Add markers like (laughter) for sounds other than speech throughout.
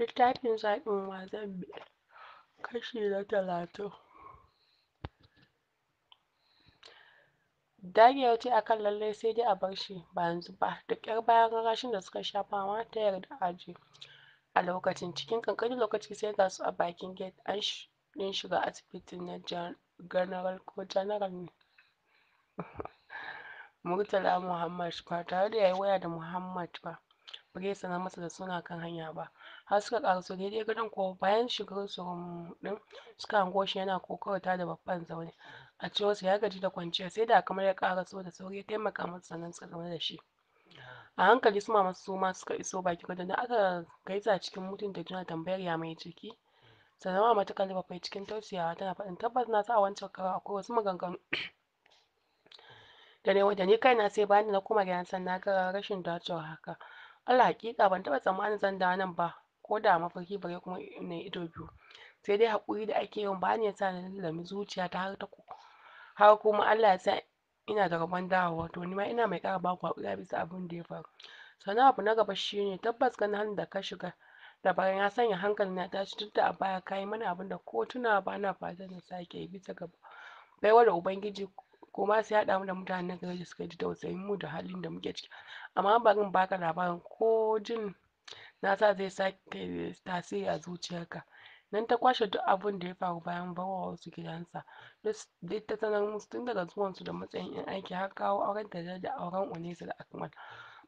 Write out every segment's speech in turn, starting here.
Littafin zaɓin wa zan kashi na talatin dagewa ce a kan lallai sai dai a bar shi ba yanzu ba, da ƙyar bayan rashin da suka sha fama ta yarda a je. A lokacin, cikin ƙanƙanin lokaci sai ga su a bakin gate an ɗin shiga asibitin na General ko General ne? (laughs) Murtala Muhammad ba tare da ya yi waya da Muhammad ba, ba ya sanar masa da suna kan hanya ba. har suka ƙaraso daidai gadon ko bayan shigar surum suka hango shi yana kokarta da babban zaune a cewarsa ya gaji da kwanciya sai da kamar ya ƙaraso da sauri ya taimaka masa sannan suka game da shi a hankali su masu su ma suka iso baki, gadon da aka gaisa cikin mutum da juna tambayar ya mai ciki sannan ma mata kalli cikin tausiyawa tana faɗin tabbas na sa a wancan karo akwai wasu maganganu da ne ni kaina sai bayan na koma gidan san na ga rashin dacewa haka Allah hakika ban taɓa tsammanin zan da nan ba ko da mafarki bare kuma na ido biyu sai dai haƙuri da ake yawan bani sa na lallami zuciya ta har ta har kuma Allah ya sa ina da rabon dawowa to ni ma ina mai ƙara baku haƙuri bisa abin da ya faru sannan abu na gaba shine tabbas ganin halin da ka shiga da bayan ya sanya hankali na tashi duk da a baya ka yi mana abin da ko tuna ba na fatan na sake yi bisa gaba baiwa da ubangiji ko ma sai haɗa mu da mutanen gari da suka ji tausayin mu da halin da muke ciki amma barin baka labarin ko jin na sa zai sake tasiri a zuciyarka nan ta kwashe duk abin da ya faru bayan wasu gidansa duk ta sanar musu tun daga zuwansu da matsayin yan aiki har kawo auren da da auren unesa da akmal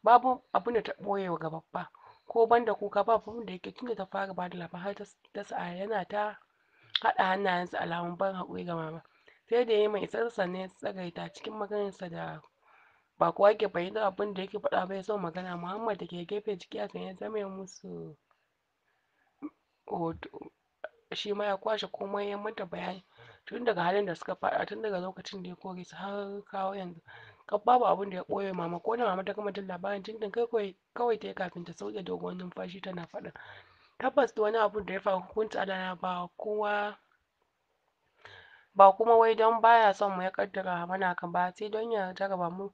babu abin da ta ɓoye wa gababba ko banda kuka ba abin da yake tun ta fara ba da labar har ta sa yana ta haɗa hannayensa alamun ban haƙuri ga mama sai da ya mai isarsa ne tsagaita cikin maganarsa da ba kowa ke fahimtar abin da yake faɗa ba ya son magana muhammad da ke gefe ciki a sanye zame musu hoto shi ma ya kwashe komai ya mata bayani tun daga halin da suka faɗa tun daga lokacin da ya kore su har kawo yanzu kaf babu abin da ya ɓoye mama ko da mama ta gama jin labarin tun kai kawai ta yi kafin ta sauke dogon numfashi tana faɗa tabbas wani abu da ya faru hukunci adana ba kowa ba kuma wai don baya son mu ya kaddara mana kan ba sai don ya jarraba mu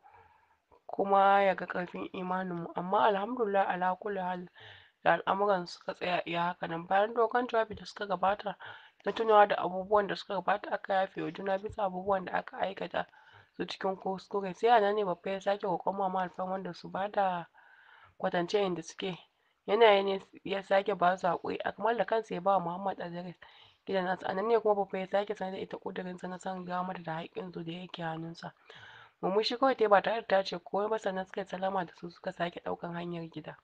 kuma ya ga ƙarfin mu amma alhamdulillah ala kulli hal da al'amuran suka tsaya iya haka nan bayan dogon jawabi da suka gabata na tunawa da abubuwan da suka gabata aka yafe wa juna bisa abubuwan da aka aikata su cikin kuskure sai a nan ne babba ya sake roƙon mama alfarman wanda su bada kwatance inda suke yanayi ne ya sake ba su haƙuri kamar da kansa ya ba wa muhammad adres gidan nasa a nan ne kuma babba ya sake sanar da ita ƙudurinsa na san gawa mata da su da yake hannunsa shi kawai ta ba tare da ta ce komai ba sannan suka yi salama da su suka sake ɗaukan hanyar gida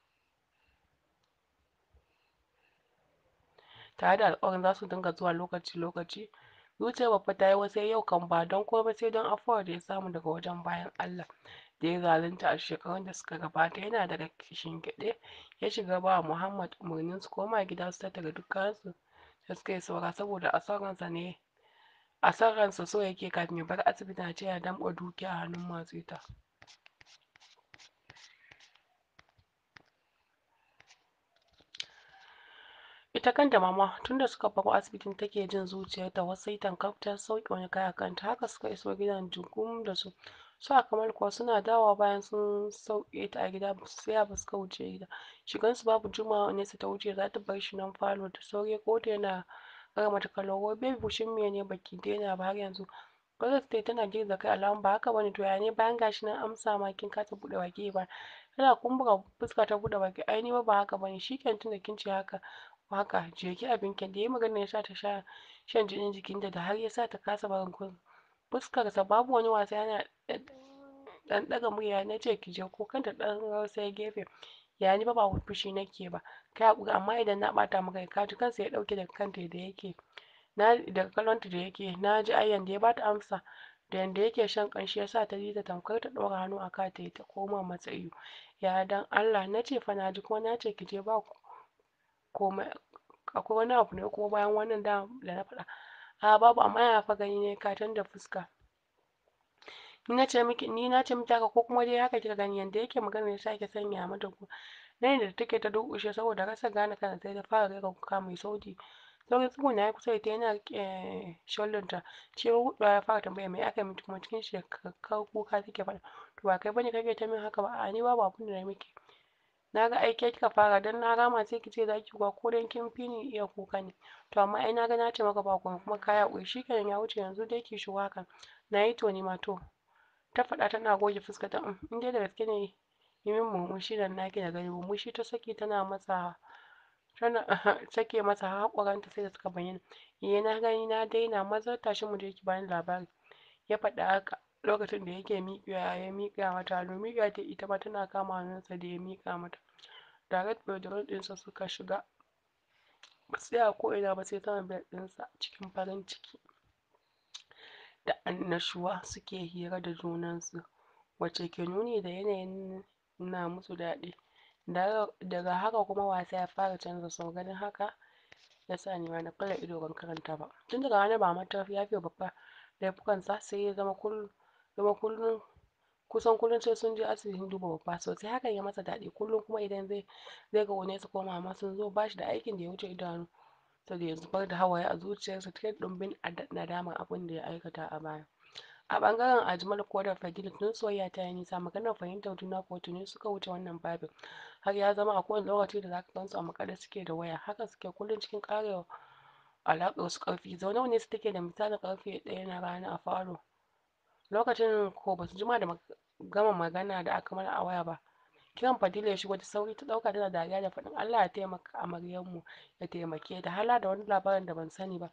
tare da alƙawarin za su dinga zuwa lokaci-lokaci zuciyar babba ta yi wasu yau kan ba don komai sai don afuwar da ya samu daga wajen bayan Allah da ya zalunta a shekarun da suka gabata yana daga kishingiɗe ya shiga ba Muhammad umarnin su koma gida su tattara duk da suka yi saura saboda a ne a san ransa so yake kafin ya bar asibitin a ce ya damƙa dukiya a hannun masu ita ita kanta mama da suka baro asibitin take jin zuciyarta wasu sai tankaf ta sauke wani kaya kanta haka suka iso gidan jugum da su su a kamar kuwa suna dawa bayan sun sauke ta a gida sai a suka wuce gida shigansu babu jimawa nesa ta wuce za ta bar shi nan falo da sauri ko ta yana kar mata kallo wai baby fushin miya ne baki daina ba har yanzu Gwamnati state tana girza kai alamun ba haka bane to ya ne bayan gashi nan amsa ma kin kasa buɗe baki ba tana kumbura fuska ta buɗe baki ai ni ba haka bane shikenan tunda kin ce haka haka je ki abin ki da yayi magana ya sa ta sha shan jinin jikin da har ya sa ta kasa barin gurin fuskarsa babu wani wasa yana ɗan murya na ce ki je ko kanta ɗan ya gefe yani ni ba ba fushi nake ba kai hakuri amma idan na bata maka ka ji kansa ya ɗauke daga kanta da yake na daga kalonta da yake na ji ai yanda ya bata amsa da yanda yake shan ƙanshi ya sa ta ji ta tamkar ta ɗora hannu a ka ta koma masa ya dan Allah na ce fa na ji kuma na ce ki je komai akwai wani abu ne kuma bayan wannan da na faɗa a babu amma ya fa gani ne ka da fuska ni na ce miki ni na ce miki haka ko kuma dai haka kika gani yanda yake magana ya sake sanya mata ku nan da take ta durƙushe saboda rasa gane kanta sai ta fara rera kuka mai sauti saurin tsuguna ya kusa ta yana riƙe eh, shoulderta ce ruɗewa ya fara tambaya mai aka miki kuma cikin shekarkar kuka take faɗa to ba kai bane kake ta min haka ba A ni babu abin da na miki na ga aike kika fara dan na rama sai ki ce za ki ko dan kin fi ni iya kuka ne to amma ai na ga na ce maka ba komai kuma ka ya haƙuri shikenan ya wuce yanzu dai ki shigo na yi to ni ma to ta faɗa tana goge fuska ta mm, in dai da gaske ne yi min murmushi da naki da gani murmushi ta saki tana masa tana (laughs) sake masa haƙoranta sai da suka bayyana eh na gani na daina maza tashi mu je ki bani labari ya faɗa haka lokacin da yake miƙewa ya miƙa mata hannu miƙa ta ita ma tana kama hannunsa da ya miƙa mata direct bedroom ɗinsa suka shiga ba tsaya ko ina ba sai sama bed ɗinsa cikin farin ciki da annashuwa suke hira da junansu, wace ke nuni da yanayin na musu daɗi. Daga haka kuma wasa ya fara canza sau, ganin haka ya sa ni ma na ƙura ido ban karanta ba. Tun daga ranar ba Matar ya fiye babba laifukansa sai ya zama kullum kusan kullum sai sun je asibitin duba babba sosai hakan ya masa daɗi kullum kuma idan zai zai ga wani ko mama sun zo bashi da aikin da ya wuce idanu saboda ya zubar da hawaye a zuciyarsa ta ɗumbin nadaman abin da ya aikata a baya a ɓangaren ajmal ko da fagil tun soyayya ta yi nisa maganar fahimtar juna ko tuni suka wuce wannan babin har ya zama a kowane lokaci da zaka su a makare suke da waya haka suke kullum cikin ƙarewa alaƙar su ƙarfi zaune ne su take da misalin ƙarfe ɗaya na rana a falo lokacin ko basu jima da gama magana da aka mana a waya ba kiran fadila ya shigo da sauri ta dauka tana dariya da faɗin allah ya taimaka mu ya taimake ta hala da wani labarin da ban sani ba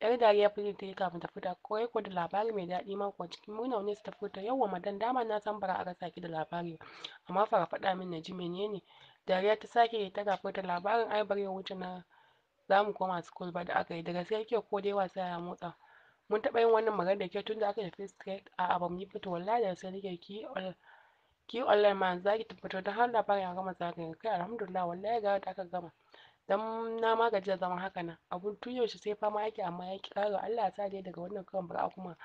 yar dariya fili ta yi kafin ta fita kawai ko da labari mai daɗi mako. cikin murna wani ta fita yawwa madan dama na san bara a rasa ki da labari amma fara faɗa min na ji menene dariya ta sake ta gafi da labarin ai bari wuce na za mu koma school ba da aka yi daga sai kyau ko dai wasa ya motsa mun taɓa yin wannan magana da kyau tun da aka yi straight a a'a mu yi fito wallahi da gaske nake ki ki online ma za ki tabbatar da har labarin ya gama zagaye kai alhamdulillah wallahi ga da aka gama dan na ma gaji da zaman haka nan abun tun yaushe sai fama yake amma ya ki kara Allah ya sa dai daga wannan karon bara kuma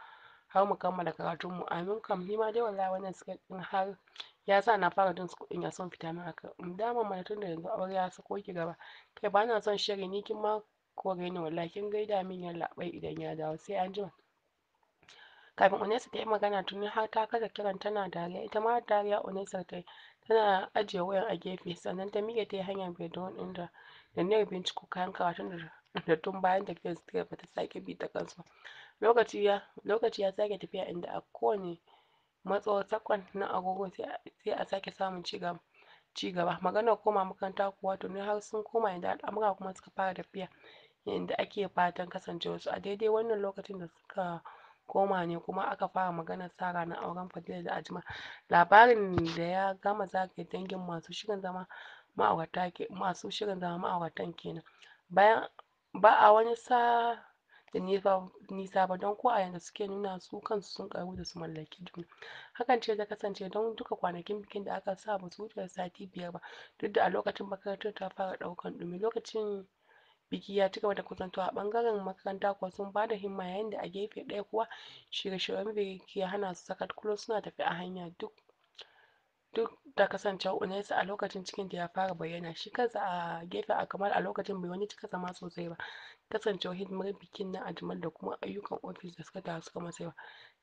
har mu kammala karatun mu amin kam ni ma dai wallahi wannan suka din har ya sa na fara jin su ya son fita min haka dama mana tun da yanzu aure ya sako ki gaba kai ba na son shiri ni kin ma kore ni wallahi kin gaida min labai idan ya dawo sai an jima kafin Onesa ta yi magana tuni har ta kasa kiran tana dariya ita ma dariya Onesa ta yi tana ajiye wayan a gefe sannan ta miƙe ta yi hanyar da wani da da niyyar binciko kayan karatun da tun bayan tafiyar su ta ta sake bi ta kansu lokaci ya lokaci ya sake tafiya inda a kowane matso sakon na agogo sai a sake samun cigaba cigaba maganar koma makaranta kuwa tuni har sun koma inda al'amura kuma suka fara tafiya inda ake fatan kasancewarsu a daidai wannan lokacin da suka koma ne kuma aka fara maganar sa ranar auren Fadila da Ajmal labarin da ya gama zagaye dangin masu shirin zama ma'aurata masu shirin zama ma'auratan kenan bayan ba a wani sa da nisa ba don ko a yanzu suke nuna su kansu sun karu da su mallaki juna hakan ce ta kasance don duka kwanakin bikin da aka sa ba su wuce sati biyar ba duk da a lokacin makarantar ta fara ɗaukan ɗumi lokacin Biki ya ci gaba da kusantowa a ɓangaren makaranta kuwa sun ba da himma yayin da a gefe ɗaya kuwa shirye-shiryen biki ya hana su sakat kulo suna tafi a hanya duk duk da kasancewar Unesa a lokacin cikin da ya fara bayyana shi kansa a gefe a kamar a lokacin bai wani cika zama sosai ba kasancewar hidimar bikin na jimar da kuma ayyukan ofis da suka taru suka masa yawa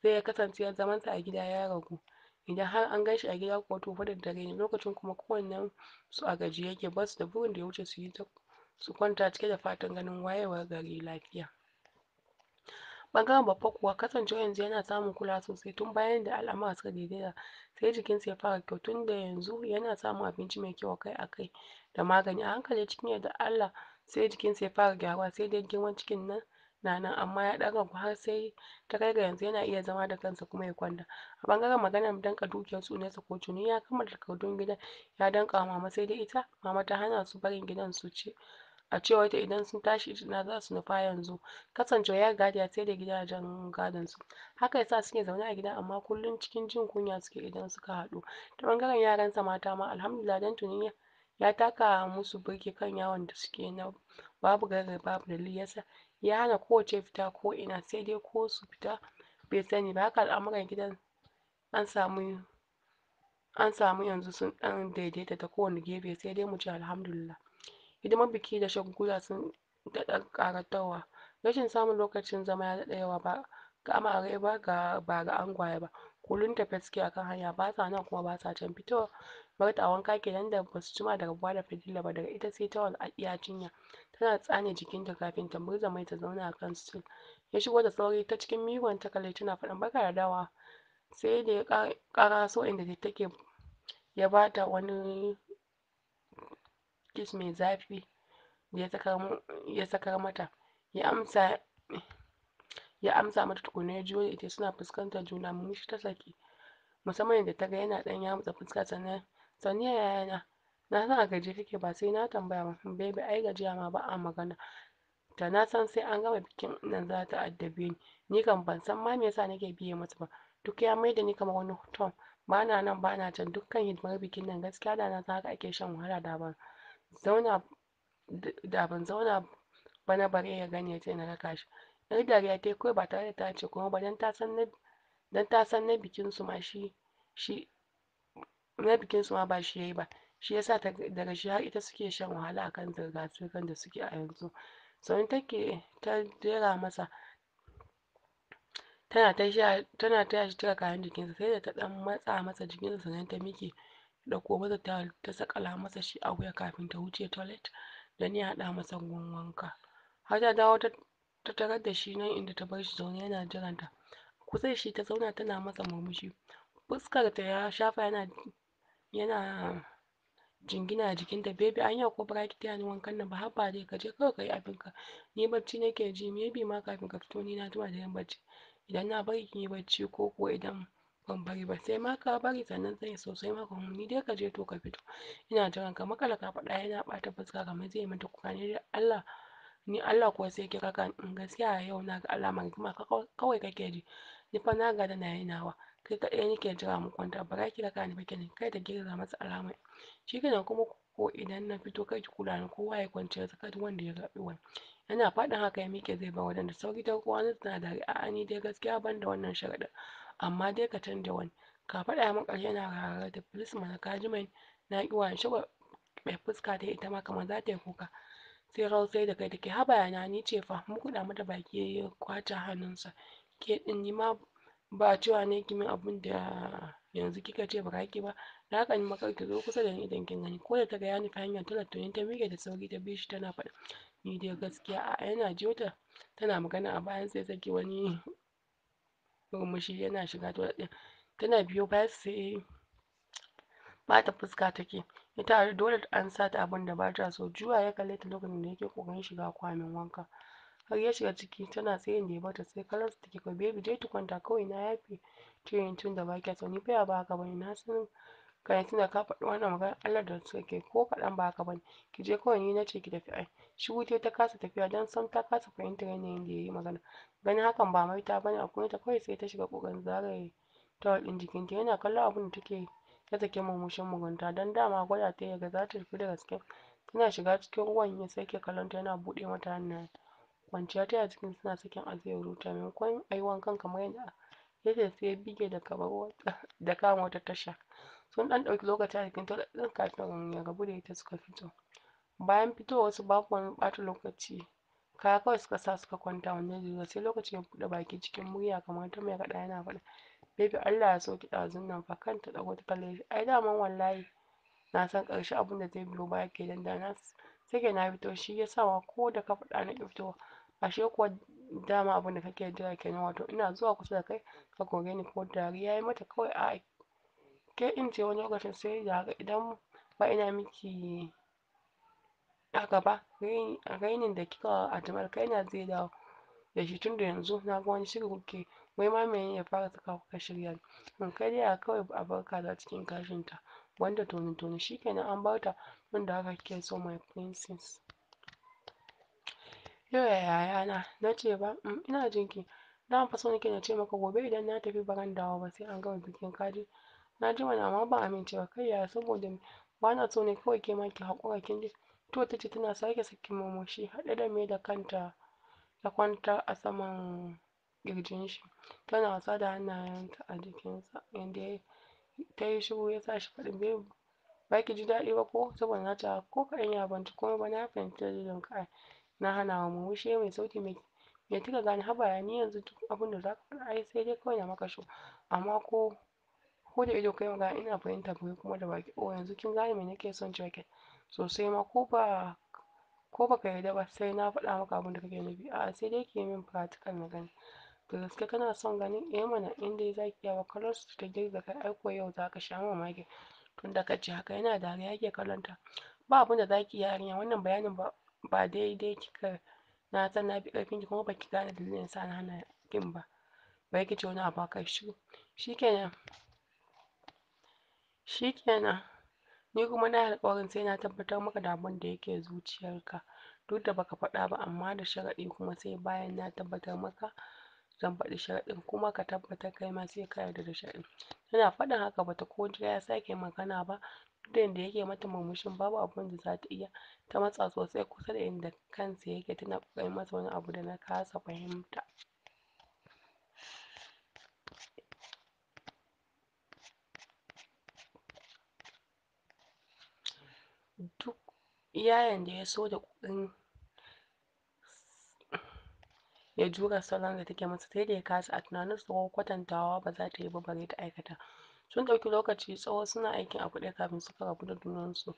sai ya kasance zaman sa a gida ya ragu idan har an gan shi a gida kuwa to fa dare ne lokacin kuma kowannen su a gajiye yake ba su da burin da ya wuce su yi ta su kwanta cike da fatan ganin wayewar gari lafiya Bangaren babba kuwa kasancewa yanzu yana samun kula sosai tun bayan da al'amura suka daidaita sai jikinsa ya fara kyau tun da yanzu yana samun abinci mai kyau akai akai da magani a hankali cikin yadda Allah sai jikinsa ya fara gyaruwa sai dai girman cikin nan na nan amma ya ɗan ragu har sai ta kai ga yanzu yana iya zama da kansa kuma ya kwanta a ɓangaren maganar danƙa dukiyar nesa ko tuni ya kammala takardun gidan ya danƙa wa mama sai dai ita mama ta hana su barin gidan su ce. A cewarta idan sun tashi na za su nufa yanzu, kasance ya riga da ya da gidajen gadonsu, haka yasa suke zaune a gida amma kullum cikin jin kunya suke idan suka haɗu. Ta ɓangaren sa mata ma alhamdulillah dan tuni ya taka musu birki kan yawon da suke na babu gaira babu dalili ya sa ya hana kowace fita ko'ina sai dai ko su fita bai sani ba. Haka al'amuran gidan an samu an samu yanzu sun ɗan daidaita ta kowane gefe sai dai mu ce alhamdulillah. Hidimar biki da shagulgula sun daɗa ƙayatarwa, rashin samun lokacin zama ya daɗa yawa ba ga amare ba ga angwaye ba, kulun ta suke a kan hanya, ba sa nan kuma ba sa can. fito Marta a wanka ke nan da ba su jima daga rabuwa da Fadila ba, daga ita sai ta a iya cinya, tana tsane jikinta kafin ta murza mai ta zauna a kan stool. Ya shigo da sauri ta cikin miron ta kalle tana faɗin barka da dawowa, sai da ya ƙaraso inda take ya ba ta wani kiss mai zafi ya sakar mata ya amsa ya amsa mata tukunna ya juyo ita suna fuskantar juna murmushi ta saki musamman da ta ga yana ɗan mutsa fuska sannan saniya yaya na san a gaje kake ba sai na tambaya ba baby ai gajiya ma ba a magana ta na san sai an gama bikin nan za ta addabe ni ni kan ban san ma me yasa nake biye masa ba duk ya maida ni kamar wani tom ba nan bana can dukkan hidimar bikin nan gaskiya da na san haka ake shan wahala da ban zauna da ban zauna ba na bare ya gani ya ce na raka shi yar dariya ta kawai ba tare da ta ce kuma ba dan ta san na bikin su ma shi shi na bikin su ma ba shi yayi ba shi yasa daga shi har ita suke shan wahala akan zirga zirgan da suke a yanzu sau take ta jera masa tana ta tana taya shi cire kayan jikinsa sai da ta ɗan matsa masa jikinsa sannan ta miƙe da kuma tawul ta sakala masa shi a wuya kafin ta wuce toilet don ya haɗa masa ruwan wanka har ta dawo ta ta tarar da shi nan inda ta bar shi zaune yana jiran ta kusa zai shi ta zauna tana masa murmushi fuskar ta ya shafa yana yana jingina a ta baby anya ko bara ki taya ni wankan nan ba haba dai ka je kawai ka yi ka." ni bacci nake ji maybe ma kafin ka fito ni na jima da yin bacci idan na bari kinyi bacci ko kuwa idan ban bari ba sai ma ka bari sannan zan yi sosai ma kuma ni dai ka je to ka fito ina jiran ka makala ka faɗa yana ɓata fuska mai zai mata kuka ne dai Allah ni Allah kuwa sai kira ka in mm, gaskiya yau na ga alamar kuma kawai kake ji ni fa na gada na yi nawa kai kaɗai nake jira mu kwanta bara kira ka ni ba kenan kai da girza masa alama shi kenan kuma ko idan na fito kai ki kula ni kowa ya kwance tsakanin wanda ya zaɓi wani yana faɗin haka ya miƙe zai bar wajen da sauri ta kowa na tana a'a ni dai gaskiya ban da wannan sharaɗin amma dai ka canja wani ka faɗa min ƙarshe na harare da please mana ka ji mai na ƙi wani shi mai fuska ta ita ma kamar za ta yi kuka sai rausai da kai take haba yana ni ce fa mukuɗa mata baki ya yi kwace hannunsa ke ɗin ni ma ba cewa ne ki min abin da yanzu kika ce ba ki ba da haka ni makar ki zo kusa da ni idan kin gani ko da ta ga ya nufi hanyar talar to ta miƙe da sauri ta bi shi tana faɗa ni dai gaskiya a yana jota tana magana a bayan sai sake wani murmushi yana shiga ta tana biyo baya sai bata fuska take ita a dole an sa ta abin da ba ta so juwa ya kalle ta lokacin da yake kokarin shiga kwamin wanka har ya shiga ciki tana tsayin da ya bata sai kalar su take kawai baby dai tukunta kawai na yafe tiyoyin tun da ba kya so ni fa ba haka bane na san kana tunda ka faɗi wannan magana Allah da suka ke ko kaɗan ba haka bane ki je kawai ni nace ki tafi ai shi wuce ta kasa tafiya dan sam ta kasa fahimtar yanayin da yayi magana ganin hakan ba maita bane a kunya kawai sai ta shiga kokarin zagaye tawal jikin ta yana kallon abin da take ta sake murmushin mugunta dan dama gwada ta yaga za ta tafi da gaske tana shiga cikin ruwan ya sake kallon ta yana buɗe mata hannaye kwanciya ta cikin suna sakin ajiyar ruta maimakon a wankan kamar yadda yake sai bige da kamar da kama wata tasha sun ɗan ɗauki lokaci a jikin ɗan kafin ya rabu da ita suka fito bayan fitowar wasu babu wani ɓata lokaci kaya kawai suka sa suka kwanta wannan riga sai lokacin ya buɗe baki cikin murya kamar ta mai faɗa yana faɗa baby Allah ya soki ɗazun nan fa ta ɗago ta kalle shi ai daman wallahi na san ƙarshe abin da zai biyo baya ke dan na sake na fito shi ya sa wa ko da ka faɗa na ƙi fitowa ashe kuwa dama abin da kake jira kenan wato ina zuwa kusa da kai ka kore ni ko dariya ya yi mata kawai a'a ke in ce wani lokacin sai da haka idan ba ina miki haka ba rainin da kika kai kaina zai dawo da shi tunda yanzu na ga wani shiri kuke wai ma me ya fara saka kuka shirya in kai dai a kawai a bar kaza cikin kashinta wanda toni toni kenan an bar ta tunda haka kike so my princess yau ya yayana na ce ba mm, ina jinki na fa so nake na ce maka gobe idan na tafi ba dawo ba sai an gama bikin kaji na ji mana amma ban amince ba kai yaya saboda ba na so ne kawai ke ma ki haƙura kin ji to ta ce tana sake sakin murmushi haɗe da mai da kanta ta kwanta a saman ƙirjin shi tana wasa da hannayenta a jikinsa yanda ya ta yi shiru ya sa shi faɗin bai ba ki ji daɗi ba ko saboda na ce ko kaɗan ya ban ko kuma ba na fahimci dalilin ka na hana wa murmushi mai sauti mai me kika gane haba ya ni yanzu duk abin da za ka faɗa ai sai dai kawai na maka shiru amma ko ko da ido kai magana ina fahimta kuma kuma da baki oh yanzu kin gane me nake son jacket sosai ma ko ba ko baka yarda ba sai na faɗa maka abin da kake nufi a'a sai dai ki min practical na gani da gaske kana son ganin eh mana in dai zaki yawa kallon su ta girga kai aiko yau zaka sha mamaki tun da kace haka yana da yake kallon ta ba abin da zaki yarinya wannan bayanin ba ba daidai kika na san na bi karfin ki kuma baki gane dalilin sa na hana kin ba bai kici wani abu haka shi shikenan shi kenan ni kuma na alƙawarin sai na tabbatar maka da abin da yake zuciyarka duk da baka faɗa ba amma da sharaɗi kuma sai bayan na tabbatar maka zan faɗi sharaɗin kuma ka tabbatar kai ma sai ka yarda da sharaɗin tana faɗin haka bata ko jira ya sake magana ba duk da yadda yake mata murmushin babu abin da za iya ta matsa sosai kusa da inda kansa yake tana ƙoƙarin masa wani abu da na kasa fahimta duk yayan da ya so da ƙoƙarin ya jure salon da take masa sai da ya kasa a tunaninsa ko kwatantawa ba za ta yi ba bare ta aikata sun ɗauki lokaci tsawo suna aikin a ɗaya kafin suka rabu da junansu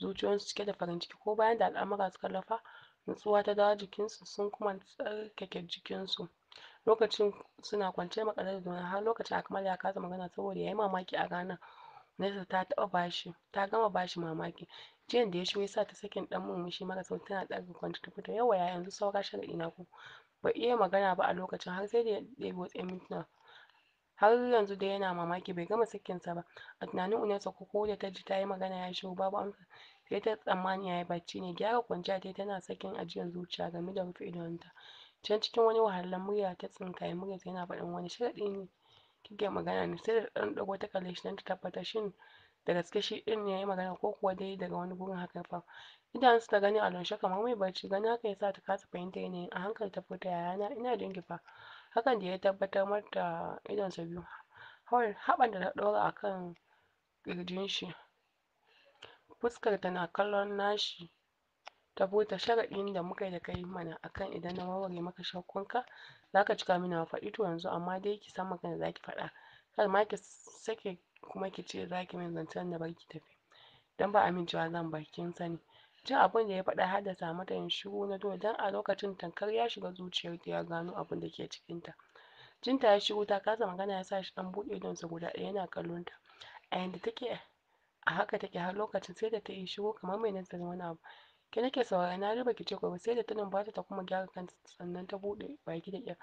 Zuciyarsu cike da farin ciki ko bayan da al'amura suka lafa nutsuwa ta dawo jikinsu sun kuma tsarkake jikinsu lokacin suna kwance makale da juna har lokacin akmal ya kasa magana saboda ya yi mamaki a ranar nesa ta taɓa bashi ta gama bashi mamaki Jiyan da ya shigo ya sa ta sakin ɗan murmushi mara sauti tana ɗaga fita yawa ya yanzu saura sharaɗi na ku. Bai iya magana ba a lokacin har sai da ya ɗebo tsayin mintuna. Har yanzu dai yana mamaki bai gama sakinsa ba. A tunanin Unesa ko ko da ta ji ta yi magana ya shiru babu amsa sai ta tsammani ya yi bacci ne. Gyara kwanciya ta tana sakin ajiyar zuciya game da rufe ta Can cikin wani wahalar murya ta tsinkaye ta yana faɗin wani sharaɗi ne kike magana ne sai da ta ɗan ɗago ta kalle shi don ta tabbata shin da gaske shi ɗin ya yi magana ko kuwa dai daga wani gurin haka fa su ta gani a kamar mai barci gani haka ya sa ta kasa fahimtar yanayin a hankali ta furta yayana ina jinki fa hakan da ya tabbatar mata idonsa biyu haɓar da ta ɗora a kan ƙirjin shi fuskar ta na kallon nashi ta furta sharaɗin da muka yi da kai mana akan idan na warware maka shakkunka za ka cika mini faɗi to yanzu amma dai ki san maganar da za ki faɗa kar ma ki sake kuma ki ce za ki min zancen bar barki tafi Idan ba amincewa zan ki kin sani jin abun da ya faɗa har haddasa mata yin shiru na dole Dan a lokacin tankar ya shiga zuciyar ta ya gano abin da ke cikinta ta ya shiru ta kasa magana ya sa shi ɗan buɗe sa guda ɗaya yana kallon ta a yanda take a haka take har lokacin sai da ta yi shiru kamar mai nazarin wani abu ke nake saurari na riba ki ce gobe sai da ta numbata ta kuma gyara kanta sannan ta buɗe baki da ƙyar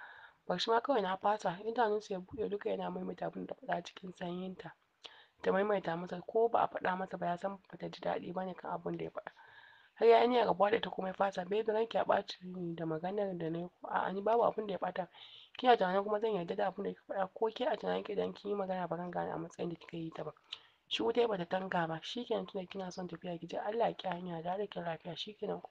bar shi ma kawai na fasa idanunsa ya buɗe duka yana maimaita abin da faɗa cikin sanyin ta ta maimaita masa ko ba a faɗa masa ba ya san ba ta ji daɗi ba ne kan abin da ya faɗa har ya yi ga da ta komai fasa bai da ki a ɓaci da maganar da na yi a ani babu abin da ya ɓata ki a tunanin kuma zan yarda da abin da ya faɗa ko ke a tunanin ki idan kin yi magana ba kan gane a matsayin da kika yi ta ba shi wuta ba ta tanga ba shi kenan tunda kina son tafiya ki je Allah ki hanya da da kin lafiya shi kenan ku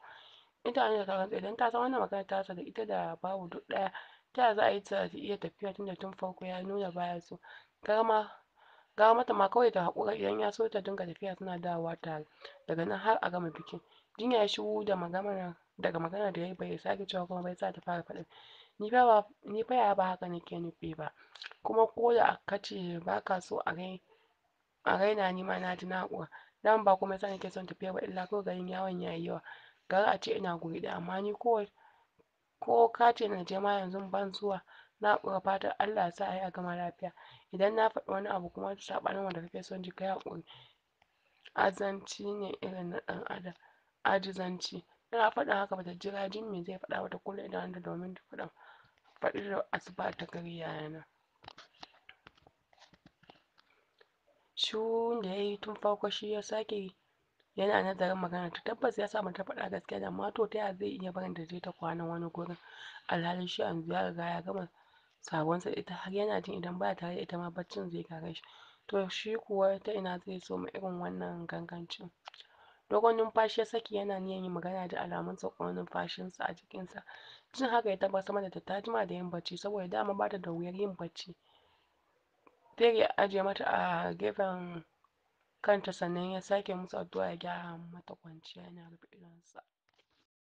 ita ne ta rantsa idan ta san wannan magana ta sa da ita da babu duk ɗaya ta za a yi ta iya tafiya tunda tun farko ya nuna baya so kar Gara mata ma kawai ta haƙura idan ya so ta dinga tafiya suna dawowa tare daga nan har a gama bikin. Jin ya shiru da magana daga maganar da ya yi bai sake cewa kuma bai sa ta fara faɗin ni fa ba ba haka nake nufi ba kuma ko da ka ce ba ka so a raina ni ma na ji na haƙura dan ba komai sa nake son tafiya ba illa kawai garin yawon ya yi yawa gara a ce ina guri ɗaya amma ni ko ko ka ce na je ma yanzu ban zuwa na fatan Allah ya sa a gama lafiya idan na faɗi wani abu kuma saɓanin wanda kake son ji ka yi haƙuri azanci ne irin na ɗan adam ajizanci tana faɗin haka bata jira jin me zai faɗa bata kula da domin ta faɗa faɗi da asuba ta gari yayana shun da ya yi tun farko shi ya sake yana nazarin magana ta tabbas ya sa mata faɗa gaskiya da mato ta yaya zai iya barin da zai ta kwana wani gurin alhalin shi yanzu ya riga ya gama sagonsa da ita har yana jin idan ba tare da ita ma baccin zai kare shi to shi kuwa ta ina zai so ma irin wannan gangancin dogon numfashi ya saki yana niyan yin magana da alamun sakon numfashinsa a jikinsa jin haka ya tabbatar mata ta jima da yin bacci saboda dama bata da wuyar yin bacci sai ya ajiye mata a gefen kanta sannan ya sake musu addu'a ya gyara mata kwanciya yana rufe idonsa